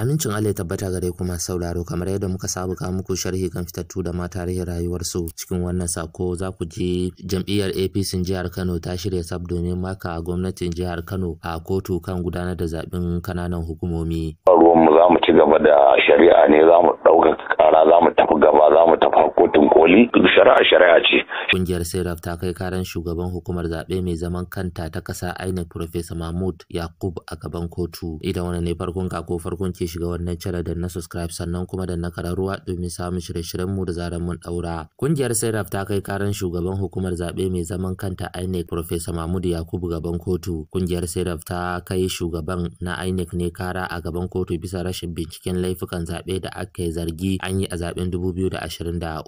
Amincin Allah ya tabbata gare ku masu sauraro kamar yadda muka saba ka muku sharhi kan fitattu da ma tarihin rayuwarsu cikin wannan sako za ku je jam'iyyar APC jihar Kano ta shirya sab domin maka gwamnatin jihar Kano a kotu kan gudanar da zaben kananan hukumomi. Ruwan mu za mu ci gaba da shari'a ne za mu ɗaukaka ƙara za mu tafi gaba za mu tafi kotun koli shari'a shari'a ce. Kungiyar Seraf ta kai karan shugaban hukumar zaɓe mai zaman kanta ta ƙasa INEC Professor Mahmud Yakub a gaban kotu. Ita wannan ne farkon ka ko farkon ke shiga wannan channel da na subscribe sannan kuma da na kararuwa domin samun shirye-shiryen mu da zaran mun daura. Kungiyar Seraf ta kai karan shugaban hukumar zabe mai zaman kanta INEC Professor Mahmud Yakubu gaban kotu. Kungiyar Seraf ta kai shugaban na INEC ne kara a gaban kotu bisa rashin binciken laifukan zabe da aka zargi an yi a zaben 2023.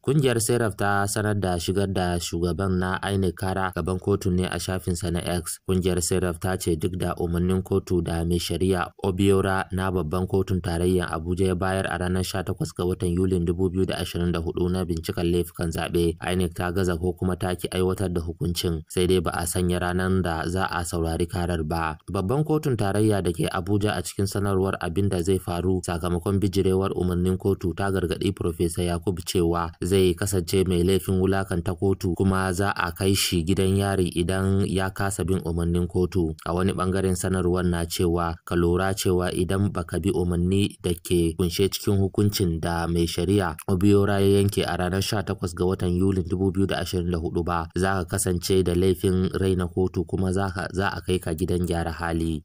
Kungiyar Seraf ta sanar da shigar da shugaban na INEC kara gaban kotu ne a shafin sa na X. Kungiyar Seraf ta ce duk da umarnin kotu da mai shari'a Obiora na babban kotun tarayyar Abuja ya bayar a ranar 18 ga watan Yulin 2024 na binciken laifukan zaɓe, INEC ta gaza ko kuma ta ki aiwatar da hukuncin, sai dai ba a sanya ranar da za a saurari karar ba. Babban kotun tarayya da ke Abuja a cikin sanarwar abin da zai faru sakamakon bijirewar umarnin kotu ta gargaɗi Profesa yakub cewa zai kasance mai laifin wulakanta kotu kuma za a kai shi gidan yari idan ya kasa bin umarnin kotu. A wani bangaren sanarwar na cewa ka lura cewa idan baka ka bi umarni da ke kunshe cikin hukuncin da mai shari'a Obiora ya yanke a ranar 18 ga watan Yulin 2024 ba za ka kasance da laifin raina kotu kuma za a kai ka gidan gyara hali.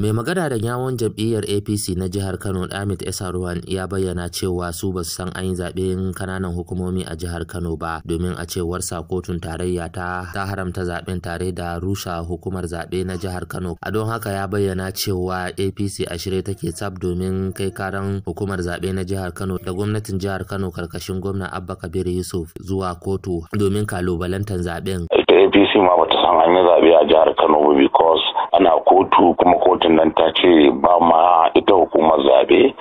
mai magana da yawon jam'iyyar apc na jihar kano damit esaruwan ya bayyana cewa su ba su san an yi zaɓen kananan hukumomi a jihar kano ba domin a cewar sa kotun tarayya ta ta haramta zaɓen tare da rusha hukumar zaɓe na jihar kano a don haka ya bayyana cewa apc a shirye take tsab domin kai karan hukumar zaɓe na jihar kano da gwamnatin jihar kano karkashin gwamna abba kabir yusuf zuwa kotu domin kalubalantar zaɓen ita apc ma bata san an yi zaɓe a jihar kano ba because ana kotu kuma kotun nan ta ce ba ma ita hukumar zabe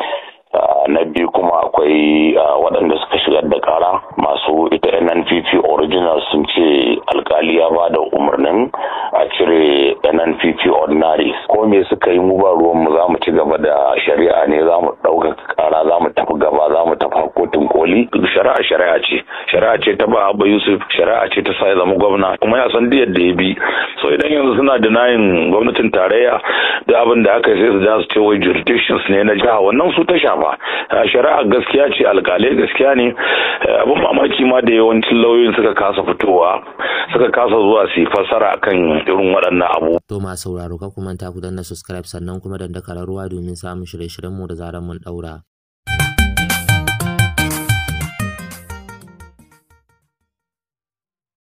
na biyu kuma akwai waɗanda suka shigar da ƙara. masu ita nnpp original sun ce alkali ya ba da umarnin a cire nnpp ordinary ko me suka yi mu ba ruwan mu za mu ci gaba da shari'a ne za mu ɗauka Ali shari'a shari'a ce shari'a ce ta ba abba yusuf shari'a ce ta sa zama gwamna kuma ya san diyar da ya bi so idan yanzu suna da nayin gwamnatin tarayya da abin da aka sai su da su ce wai jurisdictions ne na jiha wannan su ta shafa shari'a gaskiya ce alkalai gaskiya ne abin mamaki ma da yawancin lauyoyin suka kasa fitowa suka kasa zuwa su yi fassara akan irin waɗannan abu to ma sauraro ka kuma ta na subscribe sannan kuma da domin samun shirye shiryen mu da zarar mun ɗaura.